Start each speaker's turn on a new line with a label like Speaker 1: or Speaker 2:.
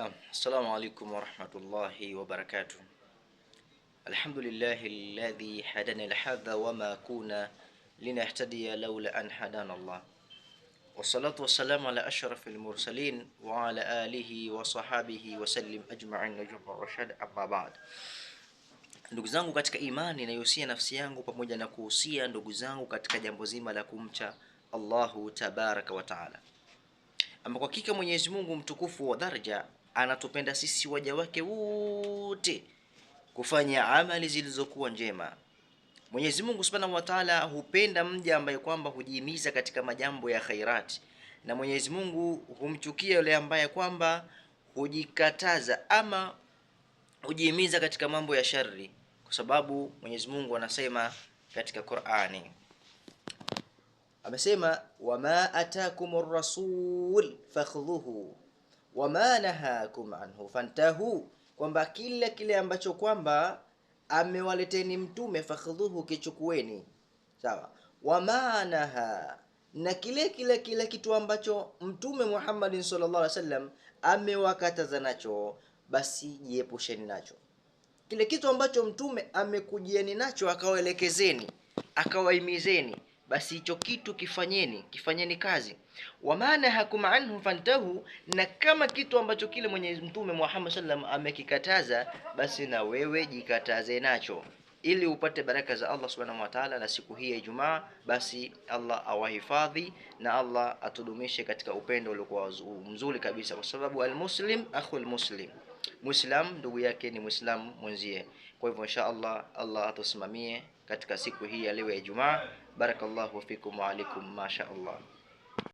Speaker 1: Assalamu alaikum warahmatullahi wabarakatuh. Alhamdulillahi alladhi hadana lihadha wama kuna linahtadiya laula an hadana Allah. Wassalatu wassalamu ala ashrafil mursalin wa ala alihi wa sahbihi wasallim ajma'in najma rashad amma ba'd. Ndugu zangu katika imani, inayohusia nafsi yangu pamoja na kuhusia ndugu zangu katika jambo zima la kumcha Allahu tabaraka wa taala, ambako hakika Mwenyezi Mungu mtukufu wa daraja anatupenda sisi waja wake wote kufanya amali zilizokuwa njema. Mwenyezi Mungu Subhanahu wa Ta'ala hupenda mja ambaye kwamba hujiimiza katika majambo ya khairati, na Mwenyezi Mungu humchukia yule ambaye kwamba hujikataza ama hujihimiza katika mambo ya shari, kwa sababu Mwenyezi Mungu anasema katika Qur'ani, amesema wama atakumur rasul fakhdhuhu wama nahakum anhu fantahu, kwamba kila kile ambacho kwamba amewaleteni mtume fakhdhuhu, kichukueni sawa. Wama naha na kile kile kile kitu ambacho mtume Muhammadin sallallahu alaihi wasallam amewakataza nacho, basi jiepusheni nacho. Kile kitu ambacho mtume amekujieni nacho, akawaelekezeni, akawaimizeni basi hicho kitu kifanyeni kifanyeni kazi wamana hakum anhu fantahu na kama kitu ambacho kile mwenyezi mtume Muhammad sallam amekikataza basi na wewe jikataze nacho ili upate baraka za Allah subhanahu wa ta'ala na siku hii ya Ijumaa basi Allah awahifadhi na Allah atudumishe katika upendo uliokuwa mzuri kabisa kwa sababu almuslim akhul muslim Muislamu ndugu yake ni Muislamu mwenzie. Kwa hivyo insha Allah, Allah atusimamie katika siku hii ya leo ya Ijumaa. Barakallahu fikum wa alaikum, masha Allah.